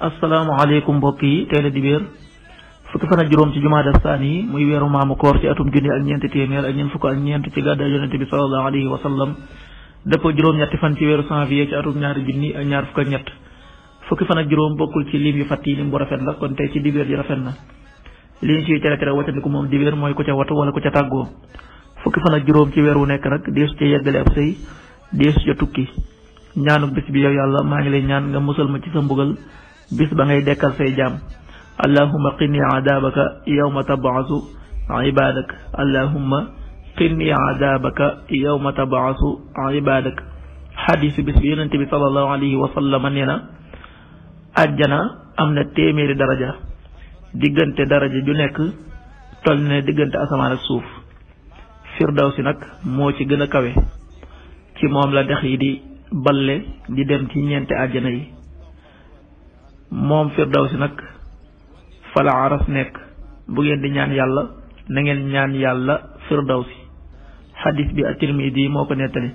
asalaamaaleykum mbokk yi tey la dibéer fukki fan ak juróom ci jumaada saani muy weeru maamu koor ci atum junni ñeent fukk ak ñeent ci gàddaay yonente bi salallahu alayhi wa sallam dëppoo juróom fan ci weeru janvier ci atum ñaari junni ak ñaar fukk ak ñett fan ak juróom bokkul ci lim yu fàtt bu rafet la kon tey ci dibéer ji rafet na li ñu ciy tere tere wàccandiku moom dibéer mooy ku ca watu wala ca tàggoo fukki fan ak juróom ci weer wu nekk rek deesu ca yeggale ab sëy deesu ca tukki ñaanu bis bi yow yàlla maa ngi lay ñaan nga musal ma ci sa mbugal bis ba ngay dekkal say jaam allahumma qinni adabaka yawma tabaasu ibadak allahumma qinni adabaka yawma bis bi yonente bi sallallahu alayhi wa sallam nee na àjjana am na téeméeri daraja diggante daraja ju nekk toll ne diggante asamaan ak suuf firdawsi nag moo ci gën a kawe ci moom la dex yi di balle di dem ci ñeenti àjjana yi moom firdaw si nag fala aras nekk bu ngeen di ñaan yàlla na ngeen ñaan yàlla firdaw si xadis bi at-Tirmidi moo ko nettali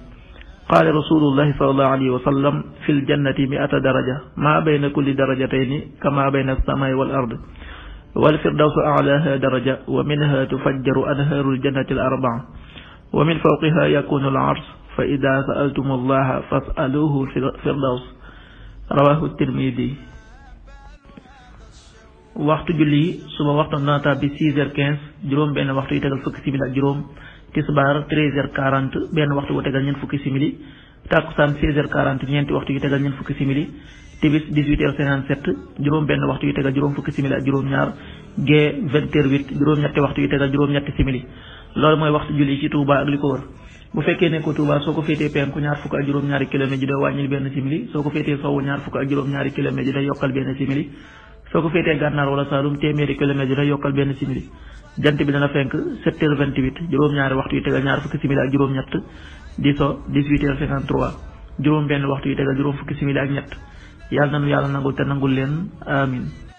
qaala rasulullahi sallallahu alayhi wa sallam fi ljannati miata daraja maa bayna kulli darajatayni kama bayna alsamaai wal ard walfirdawsu alaha daraja wa minha tufajjaru anharu aljannati al arbaa wa min fawqiha yakunu al arsh fa ida saaltum allaha fasaluhu firdaws rawahu tirmidi waxtu julli yi suba waxtu dana tàbbi six heures quinze juróom benn waxtu yu tegal fukki simili ak juróom tisbaar treize heures quarante benn waxtu bu tegal ñeent fukki simili takkusaan seize heures quarante ñeenti waxtu yu tegal ñeent fukki simili huit heures cinquante-sept juróom benn waxtu yu tegal juróom fukki simili ak juróom ñaar gee vingt heures huit juróom ñetti waxtu yu tegal juróom ñetti simili loolu mooy waxtu julli ci Touba ak li bu fekkee ne ko soo ko féetee penku ñaari kilomètres ji day wàññil benn simili soo ko féetee sowwu ñaar fukk ak juróom-ñaari soo ko féetee gànnaar wala saalum téeméeri kilomètre dina yokkal benn simili jant bi dana fenk 7 heures 28 juróom-ñaari waxtu yu tegal ñaar fukki simili ak juróom-ñett di so 18 heures 53 juróom benn waxtu yu tegal juróom fukki simili ak ñett yàlla nanu yàlla nangul te nangul leen amin